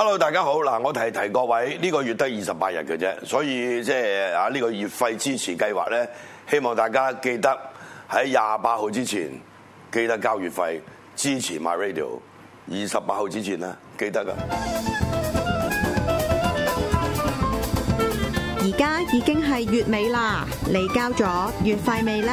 Hello，大家好。嗱，我提提各位，呢個月得二十八日嘅啫，所以即係啊呢個月費支持計劃咧，希望大家記得喺廿八號之前記得交月費，支持 My Radio。二十八號之前咧，記得㗎。而家已經係月尾啦，你交咗月費未咧？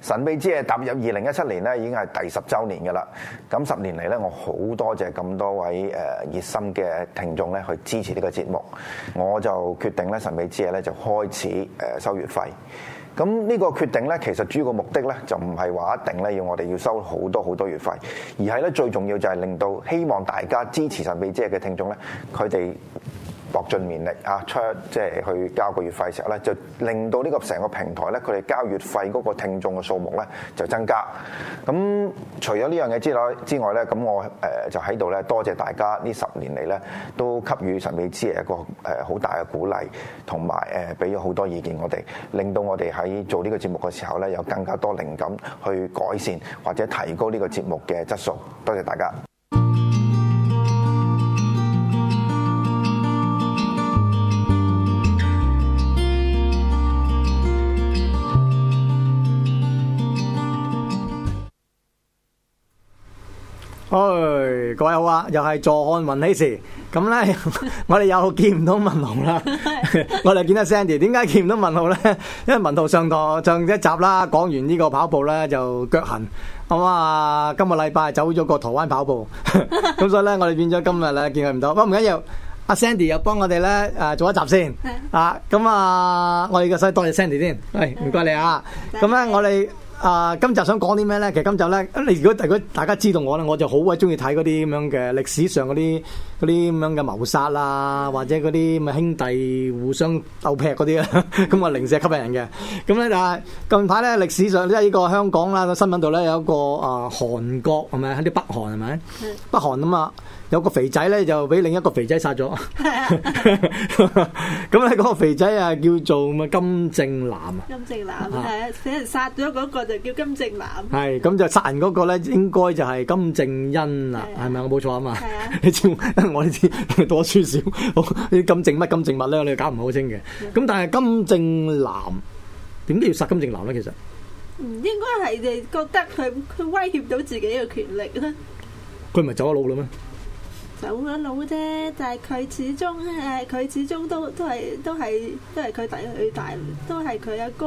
神秘之夜踏入二零一七年咧，已經係第十週年嘅啦。咁十年嚟咧，我好多謝咁多位誒熱心嘅聽眾咧，去支持呢個節目。我就決定咧，神秘之夜咧就開始誒收月費。咁、呢、呢個決定咧，其實主要嘅目的咧，就唔係話一定咧要我哋要收好多好多月費，而係咧最重要就係令到希望大家支持神秘之夜嘅聽眾咧，佢哋。搏盡綿力嚇出，即係去交個月費時候咧，就令到呢個成個平台咧，佢哋交月費嗰個聽眾嘅數目咧就增加。咁除咗呢樣嘢之外之外咧，咁我誒就喺度咧，多謝大家呢十年嚟咧都給予神秘之夜一個誒好大嘅鼓勵，同埋誒俾咗好多意見我哋，令到我哋喺做呢個節目嘅時候咧，有更加多靈感去改善或者提高呢個節目嘅質素。多謝大家。各位好啊，又係坐看雲起時，咁咧我哋又見唔到文豪啦。我哋見到 Sandy，點解見唔到文豪咧？因為文豪上堂上一集啦，講完呢個跑步咧就腳痕。咁啊，今個禮拜走咗個台灣跑步，咁所以咧我哋變咗今日咧見佢唔到。不過唔緊要，阿 Sandy 又幫我哋咧誒做一集先啊。咁啊，我而家想多謝 Sandy 先，係唔該你啊。咁咧我哋。啊、呃，今集想講啲咩咧？其實今集咧，你如果如果大家知道我咧，我就好鬼中意睇嗰啲咁樣嘅歷史上嗰啲啲咁樣嘅謀殺啦、啊，或者嗰啲咪兄弟互相鬥劈嗰啲啊，咁啊零舍吸引人嘅。咁、嗯、咧但係近排咧歷史上即係呢個香港啦個新聞度咧有一個啊、呃、韓國係咪喺啲北韓係咪？是是嗯、北韓啊嘛。有個肥仔咧，就俾另一個肥仔殺咗。咁咧、啊，嗰 個肥仔啊，叫做咪金正男啊。金正男係啊，死人殺咗嗰個就叫金正男。係咁、啊啊、就殺人嗰個咧，應該就係金正恩啦，係咪我冇錯啊嘛。係啊，啊你知我哋知多輸少。你金正乜金正乜咧，你哋搞唔好清嘅。咁、啊、但係金正男點解要殺金正男咧？其實唔應該係，你覺得佢佢威脅到自己嘅權力啦。佢唔係走咗路啦咩？就咁樣老啫，但係佢始終誒，佢始終都都係都係都係佢大佢大，都係佢阿哥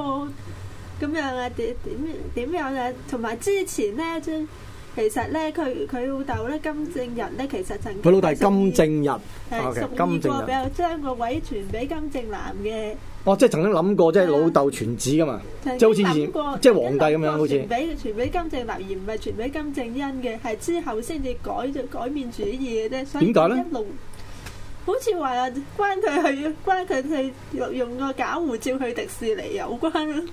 咁樣啊？點點點樣啊？同埋之前咧，即其實咧，佢佢老豆咧，金正日咧，其實曾經佢老豆係金正日，係十二個比較將個位傳俾金正男嘅。哦，即係曾經諗過，即係老豆傳旨噶嘛，即係好似即係皇帝咁樣好，好似俾傳俾金正男而唔係傳俾金正恩嘅，係之後先至改咗改變主意嘅啫。點解咧？一路好似話關佢係關佢係用用個假護照去迪士尼有關，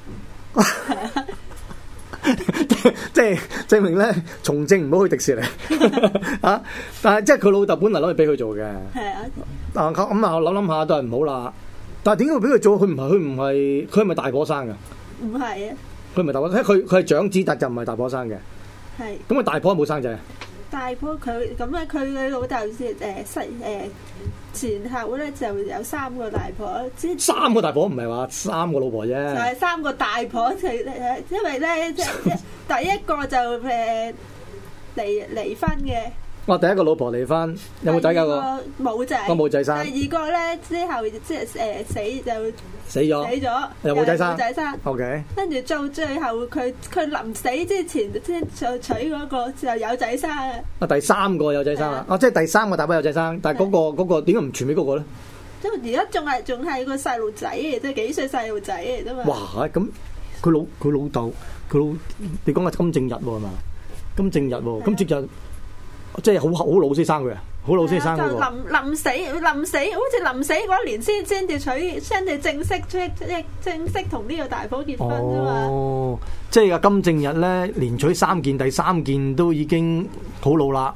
即係證明咧從政唔好去迪士尼 啊！但係即係佢老豆本嚟攞嚟俾佢做嘅，係、嗯、啊，啊咁啊諗諗下都係唔好啦。但係點解會俾佢做？佢唔係佢唔係佢係咪大婆生噶？唔係是啊！佢唔係大婆，佢佢係長子，但就唔係大婆生嘅。係是。咁啊，大婆冇生仔啊！大婆佢咁啊，佢老豆先，誒、呃，前誒前後咧就有三個大婆之。三個大婆唔係話三個老婆啫。就係三個大婆，即係因為咧即係第一個就誒離離婚嘅。我第一個老婆離婚，有冇仔噶個？冇仔。個冇仔生。第二個咧之後即係誒，死就死咗，死咗又冇仔生。冇仔生。O K。跟住到最後佢佢臨死之前先就娶嗰個就有仔生。啊，第三個有仔生啊，哦，即係第三個大把有仔生，但係嗰個嗰個點解唔傳俾嗰個咧？因為而家仲係仲係個細路仔即係幾歲細路仔嚟啫嘛。哇，咁佢老佢老豆佢老，你講個金正日係嘛？金正日，金正日。即係好好老先生佢啊，好老先生嗰個就臨臨死，臨死，好似臨死嗰年先先至娶，先至正式，正正式同呢個大婆結婚啊嘛。哦，即係阿金正日咧，連娶三件，第三件都已經好老啦，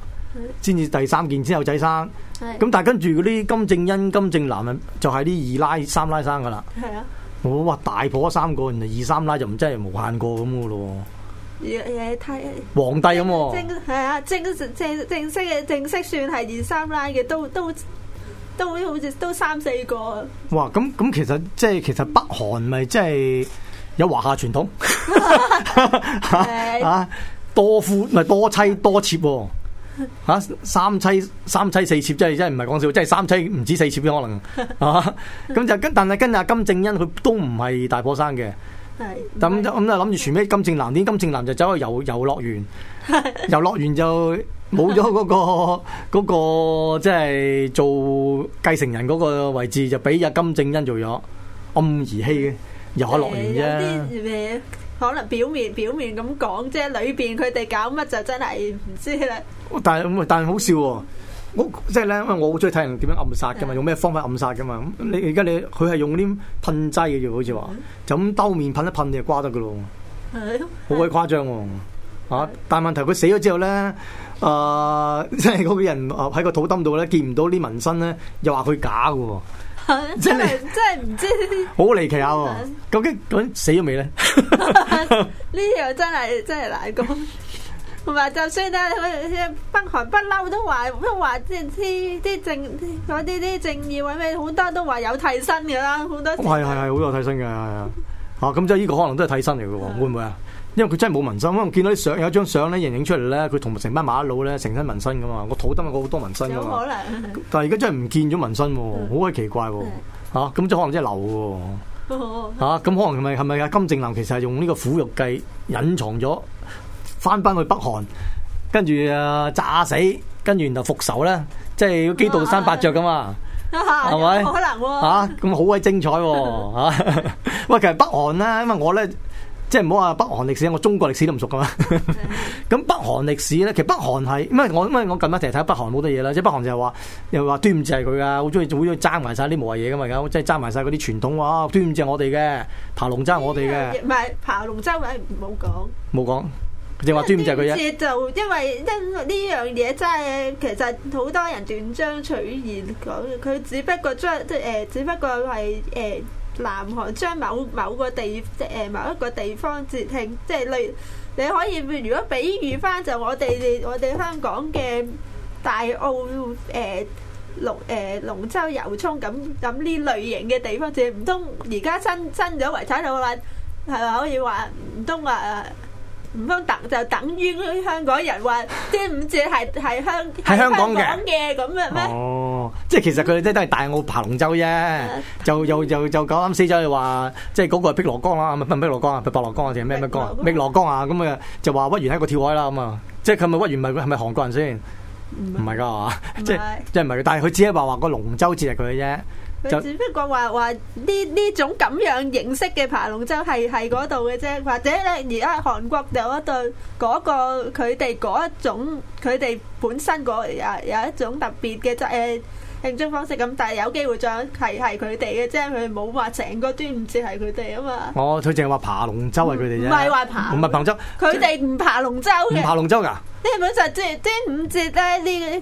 先至是第三件先有仔生。咁是但係跟住嗰啲金正恩、金正男拉拉啊，就係啲二奶、三奶生噶啦。係啊！我話大婆三個，二三奶就唔真係無限過咁噶咯。皇帝咁喎、啊，正係啊，正正正式嘅正式算係二三奶嘅，都都都好似都三四個。哇，咁咁其實即係其實北韓咪即係有華夏傳統，啊 多夫咪多妻多妾喎、哦，吓、啊、三妻三妻四妾，即係即係唔係講笑，即係三妻唔止四妾可能，咁就 跟但係跟阿金正恩佢都唔係大婆生嘅。係，咁就咁就諗住，傳俾金正男點金正男就走去遊遊樂園，遊樂園就冇咗嗰個嗰個即係做繼承人嗰個位置，就俾阿金正恩做咗暗兒戲嘅遊下樂園啫。可能表面表面咁講啫，裏邊佢哋搞乜就真係唔知啦。但係咁啊，但係好笑喎。我即係咧，因為我好中意睇人點樣暗殺噶嘛，用咩方法暗殺噶嘛？你而家你佢係用啲噴劑嘅啫，好似話就咁兜面噴一噴你就瓜得噶咯，係，好鬼誇張喎，但問題佢死咗之後咧，啊、呃、即係嗰個人喺個土墩度咧見唔到啲紋身咧，又話佢假嘅喎，即係即係唔知好離奇下喎？究竟嗰啲死咗未咧？呢樣真係真係難講。同埋就算咧，嗰啲北韓不嬲都話，都話即係啲啲正嗰啲啲正義位者咩，好多都話有替身噶啦，好多。係係係好有替身嘅，嚇咁、啊、即係呢個可能都係替身嚟嘅喎，的會唔會啊？因為佢真係冇紋身，可能見到啲相有一張相咧，人影出嚟咧，佢同成班馬老咧成身紋身噶嘛，我肚得我好多紋身噶可能。但係而家真係唔見咗紋身，好鬼奇怪喎咁、啊、即係可能真係流喎咁、啊、可能係咪係咪阿金正男其實係用呢個苦肉計隱，隱藏咗？翻翻去北韓，跟住啊炸死，跟住然後復仇啦，即係基度山伯爵噶嘛，係咪、啊？嚇咁好鬼精彩喎、啊！喂， 其實北韓啦，因為我咧即係唔好話北韓歷史，我中國歷史都唔熟噶嘛。咁 北韓歷史咧，其實北韓係，因為我因為我近排成日睇北韓好多嘢啦，即係北韓就係話又話端午節係佢噶，好中意好中意爭埋晒啲無謂嘢噶嘛，而家即係爭埋晒嗰啲傳統喎。端午節我哋嘅爬龍舟係我哋嘅，唔係爬龍舟嘅唔冇講。正話專就係佢一。呢次就因為因呢樣嘢真係其實好多人斷章取義講，佢只不過將即係誒，只不過係誒南韓將某某個地即係某一個地方節慶，即係類你可以如果比喻翻就我哋我哋香港嘅大澳誒龍誒龍舟遊涌咁咁呢類型嘅地方，即係唔通而家新新咗遺產好話係咪可以話唔通話？唔通等就等於香港人話，即係端午節係香係香港嘅咁樣咩？哦，oh, 即係其實佢真係都係大澳爬龍舟啫， 就又又又咁啱死咗，話即係嗰個係碧螺江啦，唔係碧螺江，江，江，江啊，白螺江啊定係咩咩江碧螺江啊，咁啊就話屈原喺個跳海啦咁啊，即係佢咪屈原咪係咪韓國人先？唔係㗎係嘛？即係即係唔係？但係佢只係話話個龍舟節係佢嘅啫。佢只不過話話呢呢種咁樣形式嘅爬龍舟係係嗰度嘅啫，或者咧而家韓國有一對嗰個佢哋嗰一種佢哋本身嗰有有一種特別嘅就誒慶祝方式，咁但係有機會再係係佢哋嘅，啫佢冇話成個端午節係佢哋啊嘛。哦，佢淨係話爬龍舟係佢哋，唔係話爬唔係彭州，佢哋唔爬龍舟嘅，爬龍舟噶？你係咪就端端午節呢？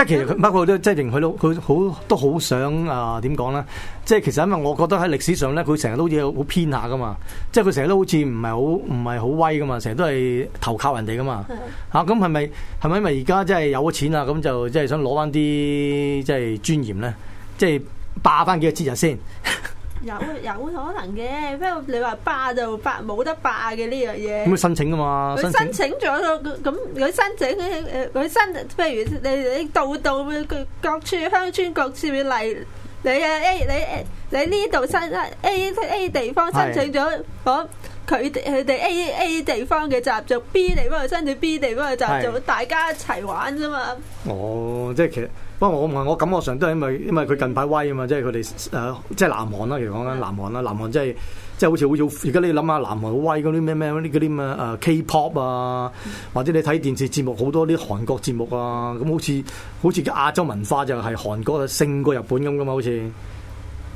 即係其實佢乜嘢都即係認佢老，佢好都好想啊，點講咧？即、呃、係其實因為我覺得喺歷史上咧，佢成日都好似好偏下噶嘛。即係佢成日都好似唔係好唔係好威噶嘛，成日都係投靠人哋噶嘛。吓咁係咪係咪因為而家即係有咗錢啊？咁、嗯、就即係想攞翻啲即係尊嚴咧，即係霸翻幾個節日先。 有有可能嘅，不過你話霸就霸，冇得霸嘅呢樣嘢。咁佢申請㗎嘛？佢申請咗咁佢申請佢佢申，申，譬如你你到到各各處鄉村，各處例，你啊 A 你 A, 你呢度申 A A 地方申請咗講佢哋佢哋 A A 地方嘅習俗，B 地方去申請 B 地方嘅習俗，的大家一齊玩啫嘛。哦，即係其實。不過我唔係，我感覺上都係因為因為佢近排威啊嘛，即係佢哋誒，即係南韓啦，其實講緊南韓啦，南韓即係即係好似好似。而家你諗下南韓威嗰啲咩咩嗰啲啲咩誒 K-pop 啊，或者你睇電視節目好多啲韓國節目啊，咁好似好似亞洲文化就係韓國勝過日本咁噶嘛，好似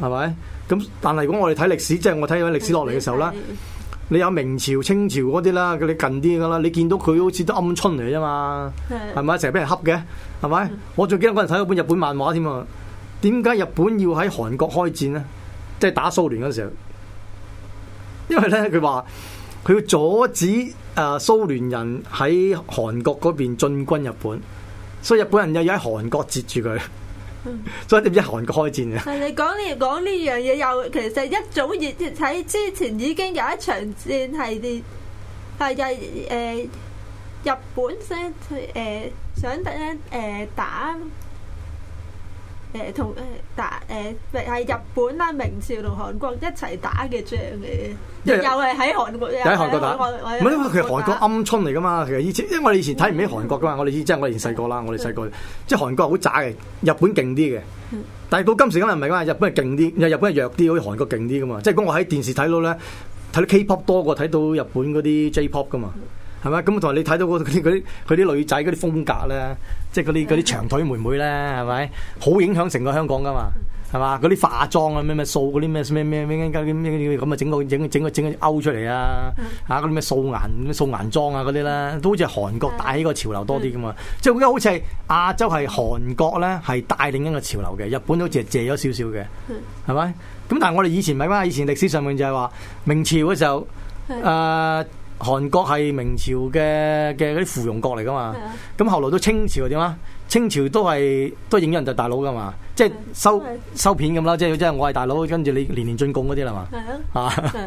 係咪？咁但係如果我哋睇歷史，即係我睇歷史落嚟嘅時候呢。你有明朝、清朝嗰啲啦，你近啲噶啦，你見到佢好似都暗春嚟啫嘛，係咪成日俾人恰嘅，係咪？ 我最記得嗰陣睇嗰本日本漫畫添啊，點解日本要喺韓國開戰呢？即係打蘇聯嗰時候，因為咧佢話佢要阻止誒蘇聯人喺韓國嗰邊進軍日本，所以日本人又要喺韓國截住佢。所以點知韓國開戰啊？係你講，呢講呢樣嘢，又其實一早已喺之前已經有一場戰係戰，係日，誒日本先誒想咧誒打。誒同誒打誒，係、欸、日本啦、啊，明朝同韓國一齊打嘅仗嘅，又係喺韓國，喺韓國打。唔係，其實韓國鵪鶉嚟噶嘛。其實以前，因為我哋以前睇唔起韓國噶嘛。 我哋以前真係我哋細個啦，我哋細個， 即係韓國好渣嘅，日本勁啲嘅。 但係到今時今日唔係噶嘛，日本係勁啲，日本係弱啲，好似韓國勁啲噶嘛。即係如果我喺電視睇到咧，睇到 K pop 多過睇到日本嗰啲 J pop 噶嘛。 係咪？咁同埋你睇到嗰啲啲啲女仔嗰啲風格咧，即係嗰啲啲長腿妹妹咧，係咪？好影響成個香港噶嘛？係嘛？嗰啲化妝啊，咩咩掃嗰啲咩咩咩咩咁啊，整個整整個整個勾出嚟啊！啊嗰啲咩素顏素顏妝啊嗰啲啦，都好似韓國帶起個潮流多啲噶嘛？的即係而家好似係亞洲係韓國咧係帶領一個潮流嘅，日本好似係借咗少少嘅，係咪？咁但係我哋以前咪話，以前歷史上面就係話明朝嘅時候，誒、呃。韓國係明朝嘅嘅啲附庸國嚟噶嘛？咁、啊、後來到清朝點啦？清朝都係都影響人哋大佬噶嘛？即係收為收片咁啦，即係即係我係大佬，跟住你年年進貢嗰啲啦嘛？啊，咁、啊啊、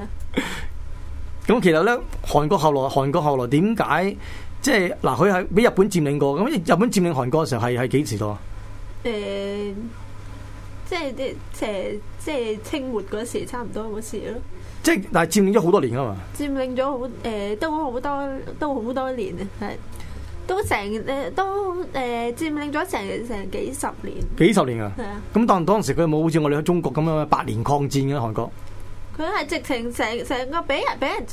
其實咧，韓國後來韓國後來點解即係嗱？佢係俾日本佔領過咁？日本佔領韓國嘅時候係係幾時到？啊？誒，即係即係即係清末嗰時差唔多嗰時咯。即係，但係佔領咗好多年啊嘛佔、呃年呃！佔領咗好誒，都好多，都好多年啊，係，都成誒，都誒佔領咗成成幾十年。幾十年啊！係啊是的！咁但當時佢冇好似我哋喺中國咁樣八年抗戰嘅、啊、韓國，佢係直情成成個俾人俾人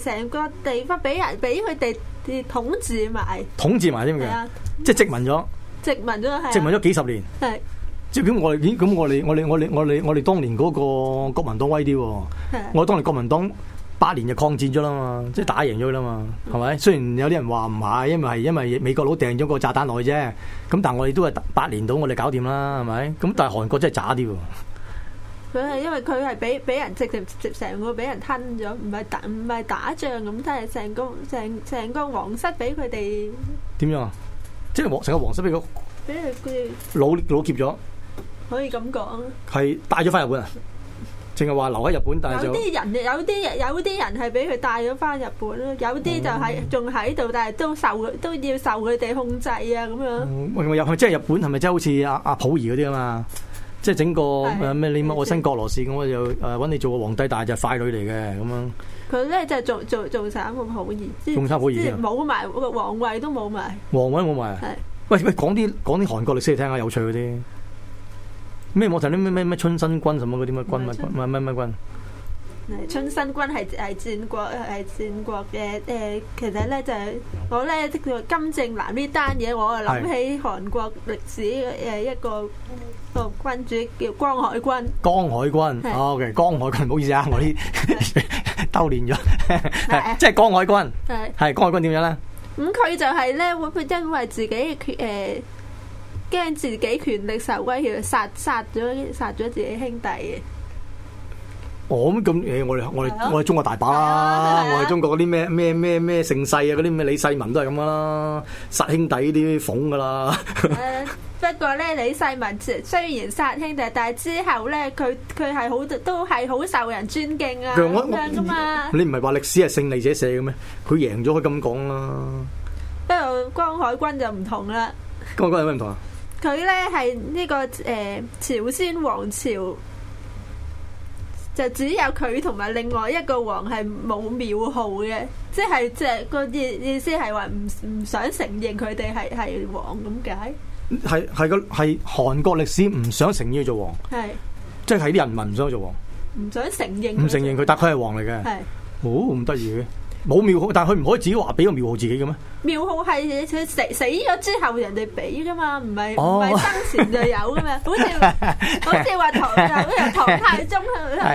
成成個地方俾人俾佢哋統治埋，統治埋添咁嘅，知知是的 即係殖民咗，殖民咗係，殖民咗幾十年係的。即係咁我哋，咁我哋，我哋，我哋，我哋，我哋當年嗰個國民黨威啲。的我當年國民黨八年就抗戰咗啦嘛，即係打贏咗啦嘛，係咪的？雖然有啲人話唔係，因為因為美國佬掟咗個炸彈落去啫。咁但係我哋都係八年到我哋搞掂啦，係咪？咁但係韓國真係渣啲。佢係因為佢係俾俾人直直成個俾人吞咗，唔係打唔係打仗咁，即係成個成成個皇室俾佢哋點樣啊？即係成個皇室俾佢俾佢哋擄擄劫咗。可以咁講，係帶咗翻日本啊？淨係話留喺日本，但係有啲人，有啲人，有啲人係俾佢帶咗翻日本咯。有啲就係仲喺度，但係都受都要受佢哋控制啊。咁樣入即係日本係咪即係好似阿阿溥儀嗰啲啊？即、啊、係、就係、整個咩？的啊、你的我新覺羅氏咁，我就揾你做個皇帝，但係就係傀儡嚟嘅咁樣。佢咧就做做做差個溥儀，做差溥冇埋個皇位都冇埋，皇位冇埋。係喂喂，講啲講啲韓國歷史嚟聽下，有趣嗰啲。咩我睇啲咩咩咩春申君什麼嗰啲咩君乜君乜乜乜君？春申君係係戰國係戰國嘅，誒、呃，其實咧就係、是、我咧叫係金正男呢單嘢，我啊諗起韓國歷史誒一個個君主叫海君江海君。江海君，OK，江海君，唔好意思啊，啊我啲兜亂咗，即係江海君，係、啊啊啊、江海君點樣咧？咁佢就係咧會唔會因為自己誒？呃驚自己權力受威脅，殺殺咗殺咗自己兄弟嘅。咁咁，誒，我哋我哋我哋中國大把啦，我哋中國嗰啲咩咩咩咩盛世啊，嗰啲咩李世民都係咁啦，殺兄弟啲諷噶啦。不過咧，李世民雖然殺兄弟，但係之後咧，佢佢係好都係好受人尊敬啊噶嘛。你唔係話歷史係勝利者寫嘅咩？佢贏咗，可以咁講啦。不過江海軍就唔同啦。江海軍有咩唔同啊？佢咧係呢、這個誒、呃、朝鮮王朝就只有佢同埋另外一個王係冇廟號嘅，即係即係個意意思係話唔唔想承認佢哋係係王咁解？係係個係韓國歷史唔想承認佢做王，係是即係係啲人民唔想做王，唔想承認，唔承認佢，但佢係王嚟嘅，係、哦，好唔得意嘅。冇廟號，但係佢唔可以自己話俾個廟號自己嘅咩？廟號係佢死死咗之後人哋俾噶嘛，唔係唔係生前就有噶嘛？ 好似好似話唐，好似 唐太宗，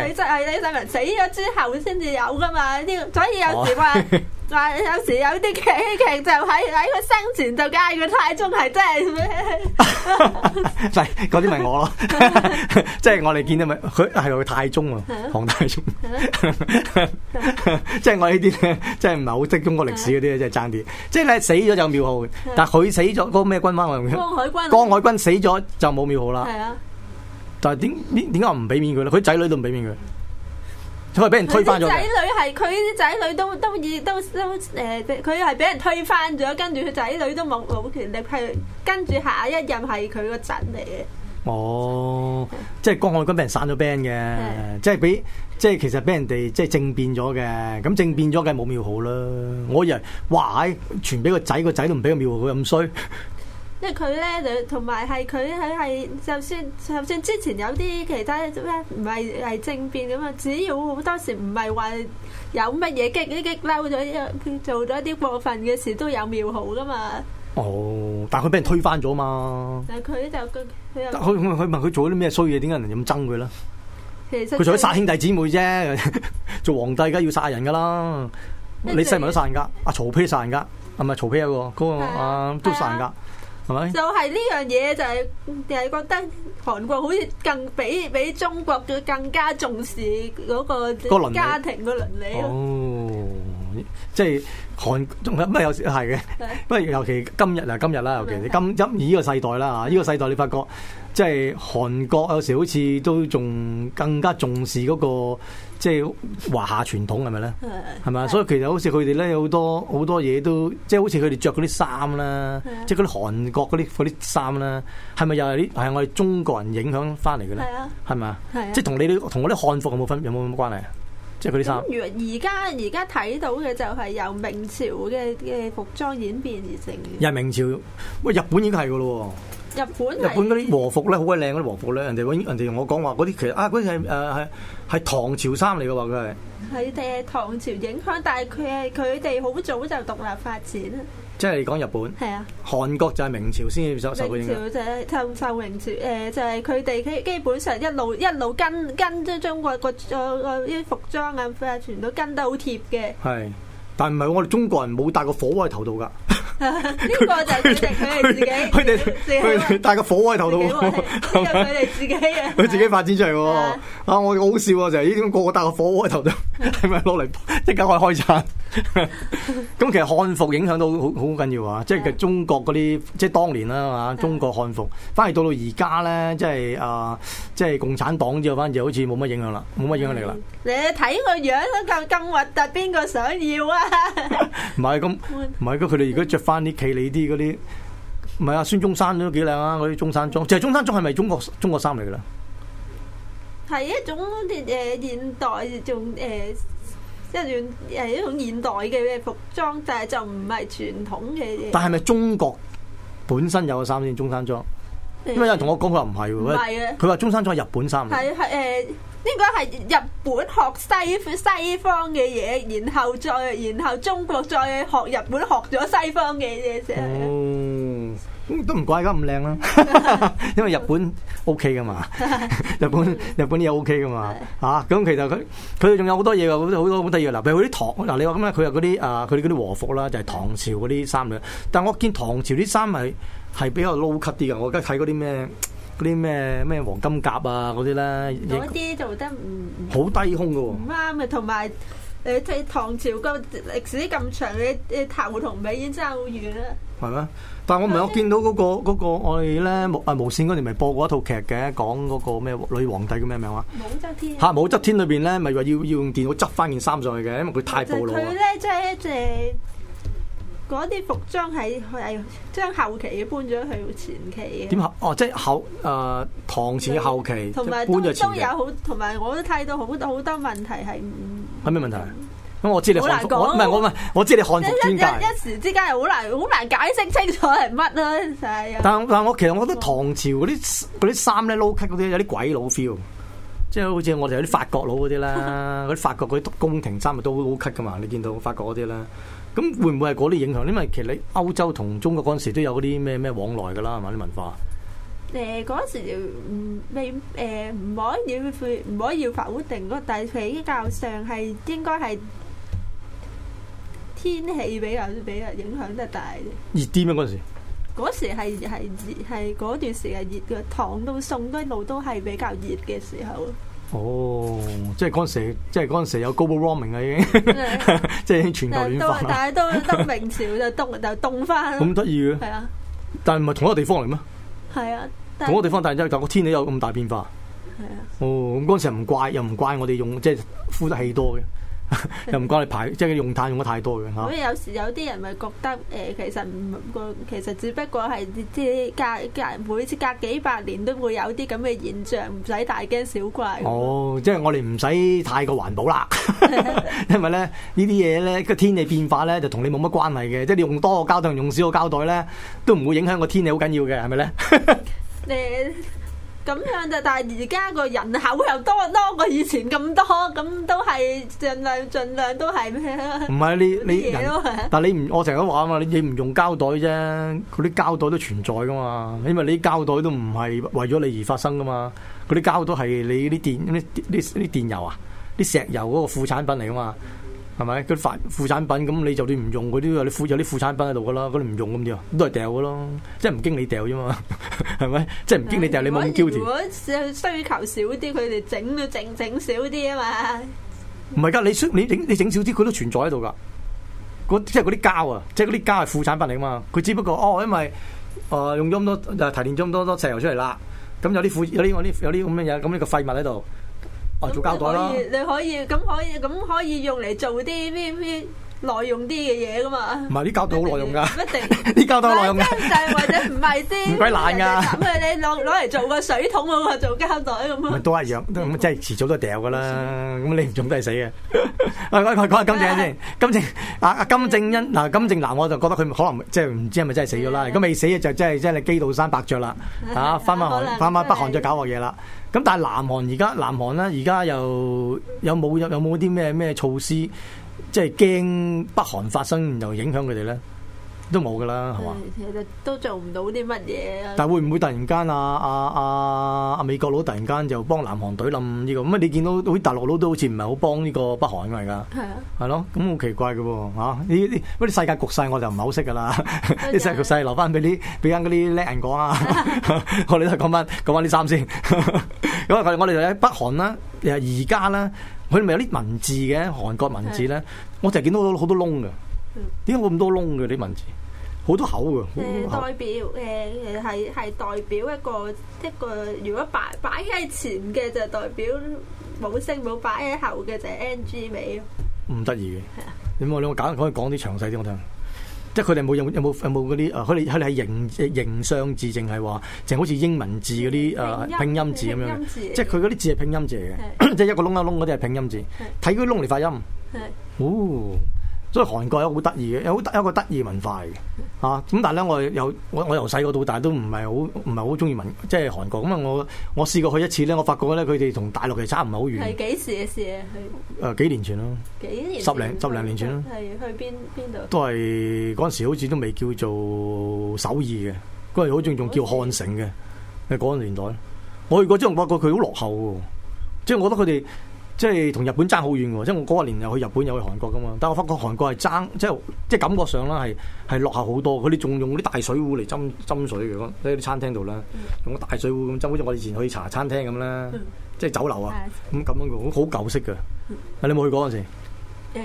你真係你等人死咗之後先至有噶嘛？呢，所以有時話。哦 就係有時有啲奇劇就喺喺佢生前就加佢太宗，係真係咩？唔係嗰啲咪我咯，即係我哋見到咪佢係佢太宗啊，唐太宗。即係我呢啲咧，即係唔係好識中國歷史嗰啲即係爭啲。即係你死咗就廟號，但係佢死咗嗰個咩軍花王江海軍，江海軍死咗就冇廟號啦。係啊，但係點點點解唔俾面佢咧？佢仔女都唔俾面佢。佢係俾人推翻咗，仔女係佢啲仔女都都以都都誒，佢係俾人推翻咗，跟住佢仔女都冇冇權力，係跟住下一任係佢個侄嚟嘅。哦，是即係江海軍俾人散咗 band 嘅是，即係俾即係其實俾人哋即係政變咗嘅，咁政變咗梗係冇廟號啦。我以為哇，唉，傳俾個仔，個仔都唔俾個廟號，佢咁衰。因係佢咧，同埋係佢喺係，就算就算之前有啲其他咩唔係係政變咁嘛，只要當時唔係話有乜嘢激一激嬲咗佢做咗一啲過分嘅事，都有廟號噶嘛。哦，但係佢俾人推翻咗嘛。但係佢就佢佢佢問佢做咗啲咩衰嘢，點解人咁憎佢啦？其實佢做咗殺兄弟姊妹啫，做皇帝梗要殺人噶啦。李世民都殺人噶阿曹丕殺人噶係咪曹丕啊？嗰個啊都殺人噶。就係呢樣嘢，就係就係覺得韓國好似更比比中國嘅更加重視嗰個家庭個倫理咯。哦，即係韓仲咩有時係嘅，不過的尤其今日啊，今日啦，尤其你今其今呢個世代啦啊，呢的個世代你發覺。即係韓國有時好似都仲更加重視嗰個即係華夏傳統係咪咧？係咪？係所以其實好似佢哋咧，好多好多嘢都即係好似佢哋着嗰啲衫啦，即係嗰啲韓國嗰啲啲衫啦，係咪又係啲係我哋中國人影響翻嚟嘅咧？係啊，係咪啊？係即係同你哋、同我啲漢服有冇分有冇關係？即係嗰啲衫。而家而家睇到嘅就係由明朝嘅嘅服裝演變而成嘅。日明朝喂，日本已經係㗎咯喎。日本日嗰啲和服咧，好鬼靚嗰啲和服咧，人哋嗰人哋同我講話嗰啲其實啊，嗰啲係誒係係唐朝衫嚟嘅喎，佢係係誒唐朝影響，但係佢係佢哋好早就獨立發展。即係講日本。係啊。韓國就係明朝先受受影響。明就是、受，受明朝誒、呃，就係佢哋基本上一路一路跟跟即係中國個啲服裝啊，咩啊，全都跟得好貼嘅。係。但唔係我哋中國人冇戴個火鍋頭度㗎。呢 個就係佢哋佢哋自己，佢哋佢帶個火喺頭度，佢哋自己嘅，佢自己發展出嚟喎。啊，我好笑啊，就係呢啲個個帶個火喺頭度，係咪落嚟即刻可以開餐？咁其實漢服影響到好好緊要啊，即係其實中國嗰啲，即係當年啦嘛，中國漢服，反而到到而家咧，即係啊，即係共產黨之後，反而好似冇乜影響啦，冇乜影響力啦。 你睇個樣咁咁核突，邊個想要啊？唔係咁，唔係佢哋如果着。翻啲企理啲嗰啲，唔係啊，孫中山都幾靚啊！嗰啲中山裝，就係中山裝係咪中國中國衫嚟㗎啦？係一種啲誒現代仲誒一種係一種現代嘅、欸、服裝，但係就唔係傳統嘅嘢。但係咪中國本身有個衫先中山裝？因為有人同我講佢話唔係喎，佢話中山裝係日本衫。係係誒。應該係日本學西方西方嘅嘢，然後再然後中國再學日本學咗西方嘅嘢先。哦，咁都唔怪得咁靚啦， 因為日本 O K 噶嘛， 日本 日本嘢 O K 噶嘛，吓，咁其實佢佢仲有好多嘢噶，好多好得意嗱，譬如嗰啲唐嗱，你話咁樣，佢有嗰啲啊，佢嗰啲和服啦，就係、是、唐朝嗰啲衫啦。但我見唐朝啲衫係係比較 low 級啲噶，我而家睇嗰啲咩？嗰啲咩咩黃金甲啊嗰啲咧，嗰啲做得唔好低胸嘅喎，唔啱嘅。同埋你睇唐朝嗰歷史咁長，你、啊、誒頭同尾已經爭好遠啦。係咩？但係我唔係我見到嗰、嗰個嗰個我哋咧無誒無線嗰年咪播過一套劇嘅，講嗰個咩女皇帝叫咩名啊，啊？武則天吓，武則天裏邊咧咪話要要用電腦執翻件衫上去嘅，因為佢太暴露。佢咧即係一隻。嗰啲服裝喺係將後期搬咗去前期嘅。點哦，即係後誒、呃、唐前後期，同埋都都有好，同埋我都睇到好多好多問題係。係咩問題？咁、嗯嗯、我知你漢服，唔係我唔係、嗯、是我，我，我，我知你漢服專家一,一,一時之間又好難好難解釋清楚係乜啊！嗯、但但我其實我覺得唐朝嗰啲嗰啲衫咧，low cut 嗰啲有啲鬼佬 feel，即係好似我哋有啲法國佬嗰啲啦，啲 法國嗰啲宮廷衫咪都好 low cut 噶嘛？你見到法國嗰啲啦。咁會唔會係嗰啲影響？因為其實你歐洲同中國嗰陣時都有嗰啲咩咩往來㗎啦，係嘛啲文化？誒嗰陣時，嗯未誒唔可以，唔可以要否定咯，但係比較上係應該係天氣比較比較影響得大啲。熱啲咩嗰陣時？嗰時係係熱係嗰段時係熱嘅，唐到宋都一路都係比較熱嘅時候。哦，即係嗰陣時，即係嗰陣時有 global warming 啊，已經 即係全球暖化，但係都得明朝就凍 就凍翻。咁得意嘅，係啊！但係唔係同一個地方嚟咩？係啊，同一個地方，但係真係個天氣有咁大變化。係啊。哦，咁嗰陣時又唔怪，又唔怪我哋用即係呼得氣多嘅。 又唔該你排，即係用碳用得太多嘅吓。所、啊、以有時有啲人咪覺得誒、呃，其實唔個，其實只不過係即係隔隔，每次隔幾百年都會有啲咁嘅現象，唔使大驚小怪。哦，即係我哋唔使太過環保啦， 因為咧呢啲嘢咧個天氣變化咧就同你冇乜關係嘅，即係你用多個膠袋，用少個膠袋咧都唔會影響個天氣好緊要嘅，係咪咧？誒。 咁樣啫，但係而家個人口又多多過以前咁多，咁都係盡量盡量都係咩？唔係你你，你 但係你唔，我成日都話啊嘛，你唔用膠袋啫，嗰啲膠袋都存在噶嘛，因為你啲膠袋都唔係為咗你而發生噶嘛，嗰啲膠袋係你啲電啲啲啲電油啊，啲石油嗰個副產品嚟噶嘛。係咪？佢副產品咁，你就你唔用嗰啲你有啲副產品喺度噶啦，佢唔用咁樣，都係掉噶咯。即係唔經你掉啫嘛，係咪？即係唔經你掉，你冇焦點。如果需，需求少啲，佢哋整到整整少啲啊嘛。唔係㗎，你你整少啲，佢都存在喺度噶。即係嗰啲膠啊，即係嗰啲膠係副產品嚟啊嘛。佢只不過哦，因為啊、呃、用咗咁多，提煉咗咁多多石油出嚟啦。咁有啲有啲有啲咁嘅嘢，咁呢個廢物喺度。哦，做交代啦！咁你可以，你可以，咁可以，咁可以用嚟做啲咩咩？耐用啲嘅嘢噶嘛？唔係啲膠袋好耐用噶，唔一定？啲膠袋好耐用嘅，或者唔係先。唔鬼爛噶，咁你攞攞嚟做個水桶喎，做膠袋咁。咪都一樣，咁即係遲早都掉噶啦。咁你唔種都係死嘅。喂喂講下金正恩先，金正啊，金正恩嗱，金正男！我就覺得佢可能即係唔知係咪真係死咗啦。如果未死嘅就即係真係基道山伯爵啦。吓，翻翻韓，翻翻北韓再搞個嘢啦。咁但係南韓而家南韓咧，而家又有冇有冇啲咩咩措施？即係驚北韓發生又影響佢哋咧，都冇噶啦，係嘛對？其實吧都做唔到啲乜嘢。但係會唔會突然間啊啊啊啊美國佬突然間就幫南韓隊冧呢個？咁啊，啊，你見到啲大陸佬都好似唔係好幫呢個北韓咁而家，係啊，係咯，咁好奇怪嘅喎，吓呢啲啲世界局勢我就唔係好識噶啦。啲 世界局勢留翻俾啲俾緊啲叻人講啊。 我哋都係講翻講翻呢三先。因為我哋我哋就喺北韓啦，而家啦。佢唔係有啲文字嘅，韓國文字咧，是的 我就係見到好多窿嘅。點解會咁多窿嘅啲文字？好多口嘅。誒代表誒係係代表一個一個，如果擺擺喺前嘅就代表冇聲，冇擺喺後嘅就係 NG 尾。唔得意嘅。是的 你冇你我可以講啲詳細啲我聽。即係佢哋冇有有冇有冇嗰啲誒？佢哋佢哋係形形象字，淨係話淨好似英文字嗰啲誒拼音字咁樣？即係佢嗰啲字係拼音字嚟嘅，即係一個窿一窿嗰啲係拼音字，睇佢窿嚟發音。係的哦。所以韓國有好得意嘅，有好一個得意文化嘅，啊咁但係咧我有我我由細個到大都唔係好唔係好中意文即係韓國咁啊我我試過去一次咧，我發覺咧佢哋同大陸其實差唔係好遠。係幾時嘅事啊？去誒、呃、幾年前咯，幾年十零幾十零年前咯。係去邊邊度？都係嗰陣時好似都未叫做首爾嘅，嗰陣時好中意仲叫漢城嘅。誒、那、嗰個年代，我去過之後發覺佢好落後喎，即係我覺得佢哋。即係同日本爭好遠喎，即係我嗰一年又去日本又去韓國噶嘛，但係我發覺韓國係爭即係即係感覺上啦係係落後好多，佢哋仲用啲大水壺嚟斟斟水嘅喎，喺啲餐廳度啦，用個大水壺咁斟，好似我以前去茶餐廳咁啦，即係酒樓啊，咁咁樣好好舊式嘅。你冇去過嗰時？誒，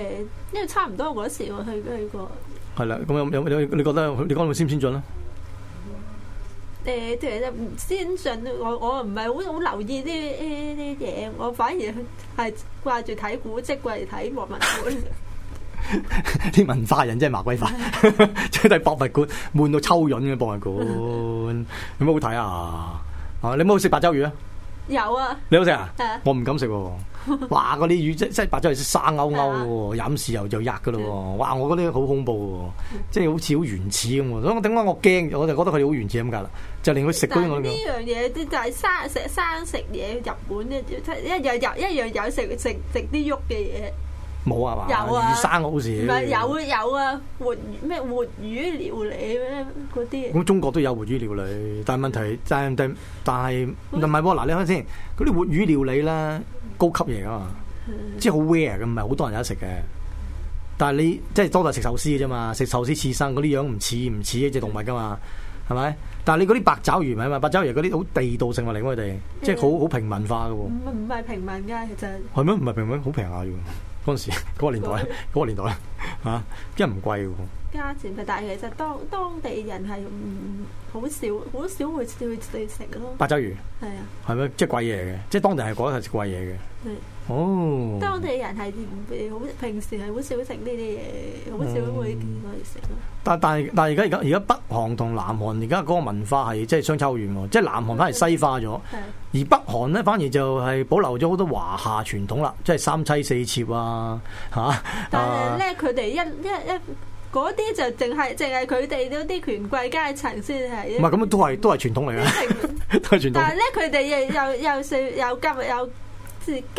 因為差唔多嗰時我去都去過。係啦，咁有有你覺得你講到先唔先進咧？誒，即係咧，先上我我唔係好好留意呢啲啲嘢，我反而係掛住睇古迹，掛住睇博物館。啲 文化人真係麻鬼煩，出地唉 博物館悶到抽潤嘅博物館，有冇 好睇啊！哦、啊，你冇食白州魚啊？有啊，你好食啊？啊我唔敢食喎，啊，哇！嗰啲魚即即白咗係生勾勾嘅，飲豉油就吔嘅咯，哇！我覺得呢啲好恐怖嘅，啊，即係好似好原始咁，啊，所以我點解我驚？我就覺得佢哋好原始咁噶啦，就令佢食嗰啲我。呢樣嘢即就係生食生食嘢，日本咧一一樣有一樣有食食食啲喐嘅嘢。冇啊嘛，魚生我好似唔係有啊，魚有，有啊活咩活魚料理咩嗰啲？咁中國都有活魚料理，但係問題但係唔係喎？嗱、欸，你睇先嗰啲活魚料理啦，高級嘢㗎嘛，嗯、即係好 wear 嘅，唔係好多人有得食嘅。但係你即係多數食壽司嘅啫嘛，食壽司刺身嗰啲樣唔似唔似一隻動物㗎嘛，係咪？但係你嗰啲白爪魚咪啊？白爪魚嗰啲好地道食物嚟嘅，哋即係好好平民化嘅喎。唔唔係平民嘅，其實係咩？唔係平民，好平下嘅。 嗰陣時，嗰、嗰個年代，嗰 個年代，啊，因為唔貴喎。價錢，但係其實當地、啊、當地人係唔好少，好少會去食咯。八爪魚係啊，係咩？即係貴嘢嚟嘅，即係當地係講係食貴嘢嘅。哦，當地人係好平時係好少食呢啲嘢，好少會見到食、嗯、但但係但係而家而家而家北韓同南韓而家嗰個文化係即係相差好遠喎，即係南韓都係西化咗，而北韓咧反而就係保留咗好多華夏傳統啦，即係三妻四妾啊嚇。啊但係咧，佢哋一一一。 嗰啲就淨係淨係佢哋嗰啲權貴階層先係，唔係咁都係都係傳統嚟啊， 都係傳統但。但係咧，佢哋又又又受又禁又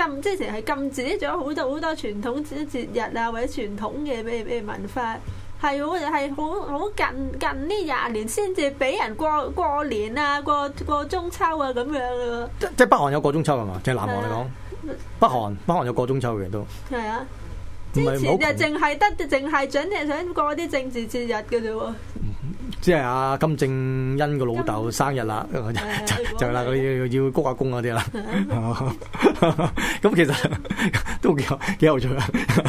禁，之前係禁止咗好多好多傳統節日啊，或者傳統嘅咩咩文化，係好係好好近近呢廿年先至俾人過過年啊，過過中秋啊咁樣啊。即即北韓有過中秋係嘛？即係南韓嚟講，北韓北韓有過中秋嘅都。係啊。之前就淨係得淨係想淨想過啲政治節日嘅啫喎，即係阿金正恩個老豆生日啦，就就啦，要要鞠下躬嗰啲啦。咁其實 都幾幾有趣。咁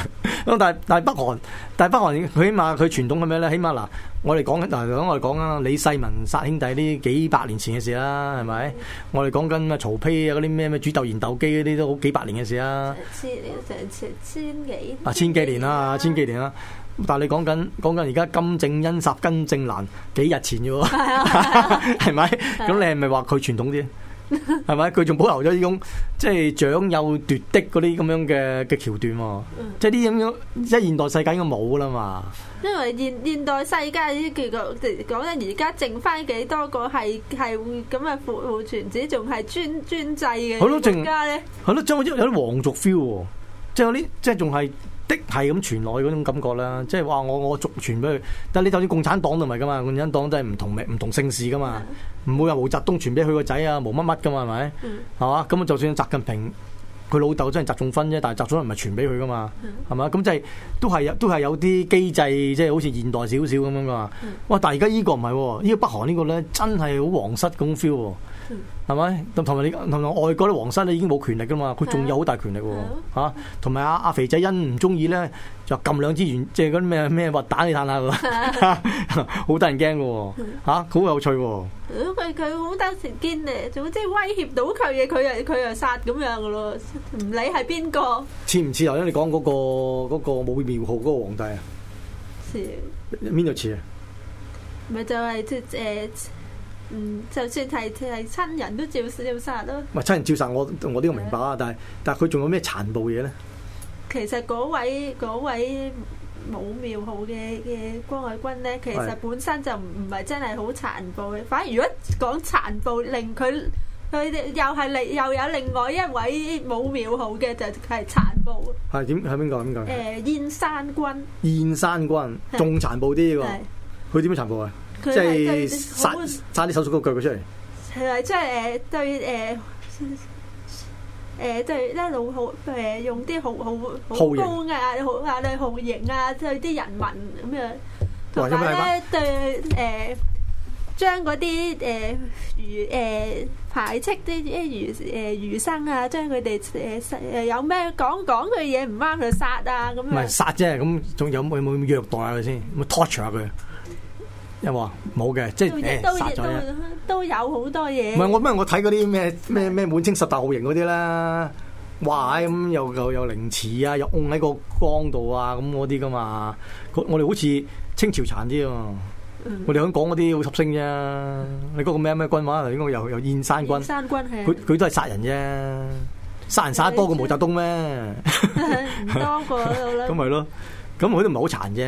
但係但係北韓，但係北韓佢起碼佢傳統係咩咧？起碼嗱。我哋講嗱，講我哋講啊，李世民殺兄弟呢幾百年前嘅事啦，係咪？嗯、我哋講緊啊，曹丕啊，嗰啲咩咩煮豆燃豆箕嗰啲都好幾百年嘅事啦，千成千千幾？啊，千幾年啦，千幾年啦。年但係你講緊講緊而家金正恩殺金正男，幾日前嘅喎，係咪、啊？咁你係咪話佢傳統啲？係咪？佢仲 保留咗呢種即係長幼奪嫡嗰啲咁樣嘅嘅橋段，即係啲咁樣，樣，樣，樣即係現代世界已經冇啦嘛。 因為現現代世界個，呢個講緊，而家剩翻幾多個係係會咁啊，父父傳子仲係專專制嘅。好咯，剩家咧。好咯，即係有啲皇族 feel，即係有啲即係仲係。的係咁傳落嗰種感覺啦，即係話我我逐傳俾佢，但係你就算共產黨都唔係噶嘛，共產黨真係唔同名唔同姓氏噶嘛，唔、mm. 會話毛澤東傳俾佢個仔啊，冇乜乜噶嘛，係咪？係嘛、mm. 嗯，咁啊就算習近平佢老豆真係習仲勳啫，但係習仲勳唔係傳俾佢噶嘛，係嘛，咁即係都係有都係有啲機制，即係好似現代少少咁樣噶。哇！但係而家呢個唔係，依個北韓呢個咧真係好皇室咁 feel。係咪？同埋你同埋外國啲皇室咧已經冇權力噶嘛？佢仲有好大權力吓？同埋阿阿肥仔恩唔中意咧，就撳兩支圓，借嗰啲咩咩核彈嚟彈下佢，好得人驚噶吓，好 有趣喎。佢佢好得成見咧，總之威脅到佢嘅，佢又佢又殺咁樣噶咯，唔理係邊個。似唔似頭先你講嗰個嗰個冇廟號嗰個皇帝啊？似像，邊度似啊？咪就係即係。嗯，就算係係親人都照照殺咯、啊。唔係親人照殺，我我呢個明白啊。的但係但係佢仲有咩殘暴嘢咧？其實嗰位嗰位冇廟號嘅嘅光海君咧，其實本身就唔唔係真係好殘暴嘅。反而如果講殘暴，令佢佢哋又係另又有另外一位冇廟號嘅就係殘暴。係點？係邊個？邊個？誒、呃，燕山君。燕山君仲殘暴啲、這個。佢點樣殘暴啊？即係殺殺啲手術刀具佢出嚟，係啊！即係誒對誒誒對啲老好誒用啲好好好刀啊！好啊！你酷刑啊！對啲人民咁啊，同埋咧對誒將嗰啲誒魚誒排斥啲啲魚誒魚生啊！將佢哋誒誒有咩講講佢嘢唔啱佢殺啊！咁唔係殺啫！咁仲有冇冇虐待下佢先？咪 torture 下佢？冇嘅，即係殺咗都有好多嘢。唔係我，因為我睇嗰啲咩咩咩滿清十大酷刑嗰啲啦，壞咁又又又凌遲啊，又按喺個缸度啊，咁嗰啲噶嘛。我哋好似清朝殘啲啊，我哋香港嗰啲好濕碎啫。你嗰個咩咩軍嘛，啊，應該又又燕山軍。佢都係殺人啫，殺人殺得多， 多過毛澤東咩？多過啦。咁咪咯，咁佢都唔係好殘啫。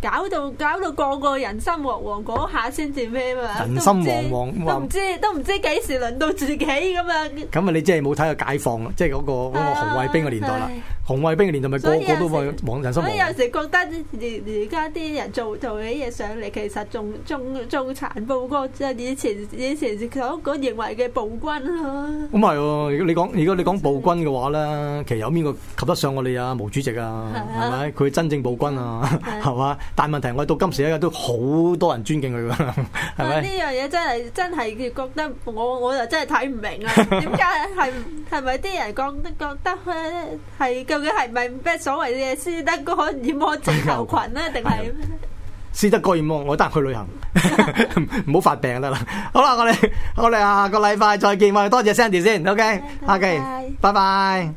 搞到搞到個個人心惶惶，嗰下先至咩嘛？人心惶惶，都唔知都唔知幾時輪到自己咁啊！咁啊，你真係冇睇下解放，即係嗰個嗰個紅衛兵嘅年代啦。紅衛、哎、兵嘅年代咪個個都往人心惶惶。所以有時覺得而家啲人做做啲嘢上嚟，其實仲仲仲殘暴過即係以前以前所嗰認為嘅暴君咯、啊。咁係哦，你講、啊、如果你講暴君嘅話咧，其實有邊個及得上我哋啊？毛主席啊，係咪、啊？佢、啊、真正暴君啊，係嘛？但問題我到今時今日都好多人尊敬佢噶啦，呢樣嘢真係真係覺得我我就真係睇唔明啊！點解係係咪啲人覺覺得咧係究竟係咪咩所謂嘅斯德哥爾摩症候群咧？定係斯德哥爾摩？我得閒去旅行，唔 好發病得啦！好啦，我哋我哋下個禮拜再見，我哋多謝 Sandy 先，OK，阿 K，拜拜。